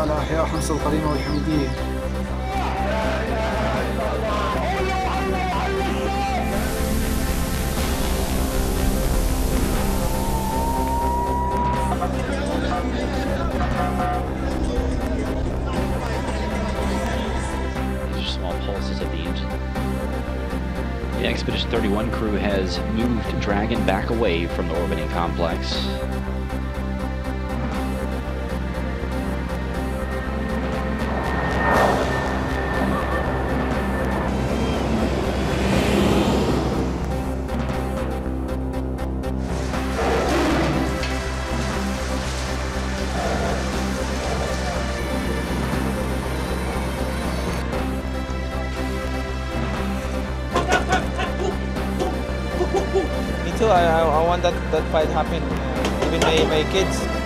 These are حمص والحميدية Small pulses of the engine. The Expedition 31 crew has moved Dragon back away from the orbiting complex. too. I, I, I want that, that fight happen. Uh, even my, my kids.